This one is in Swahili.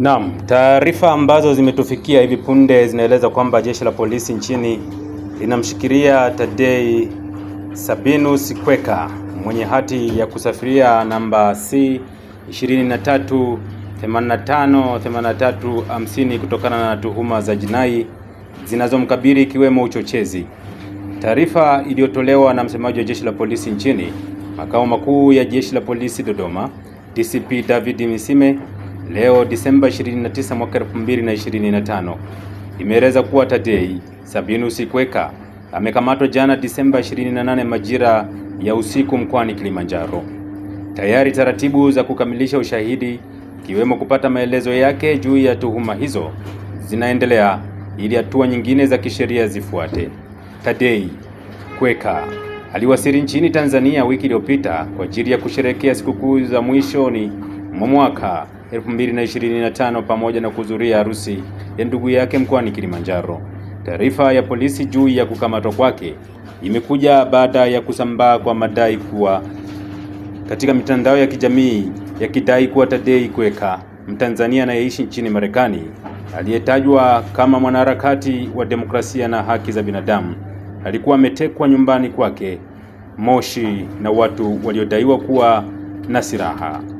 Naam, taarifa ambazo zimetufikia hivi punde zinaeleza kwamba jeshi la polisi nchini linamshikilia Tadei Sabinus Kweka mwenye hati ya kusafiria namba C 23 kutokana na tuhuma za jinai zinazomkabili ikiwemo uchochezi. Taarifa iliyotolewa na msemaji wa jeshi la polisi nchini, makao makuu ya jeshi la polisi Dodoma, DCP David Misime leo Disemba 29 mwaka 2025 imeeleza kuwa Tadei Sabinus Kweka amekamatwa jana Disemba 28 majira ya usiku mkoani Kilimanjaro. Tayari taratibu za kukamilisha ushahidi ikiwemo kupata maelezo yake juu ya tuhuma hizo zinaendelea ili hatua nyingine za kisheria zifuate. Tadei Kweka aliwasili nchini Tanzania wiki iliyopita kwa ajili ya kusherehekea sikukuu za mwishoni mwa mwaka 2025 pamoja na kuhudhuria harusi ya ndugu yake mkoani Kilimanjaro. Taarifa ya polisi juu ya kukamatwa kwake imekuja baada ya kusambaa kwa madai kuwa katika mitandao ya kijamii yakidai kuwa Tadei Kweka, Mtanzania anayeishi nchini Marekani, aliyetajwa kama mwanaharakati wa demokrasia na haki za binadamu, alikuwa ametekwa nyumbani kwake Moshi na watu waliodaiwa kuwa na silaha.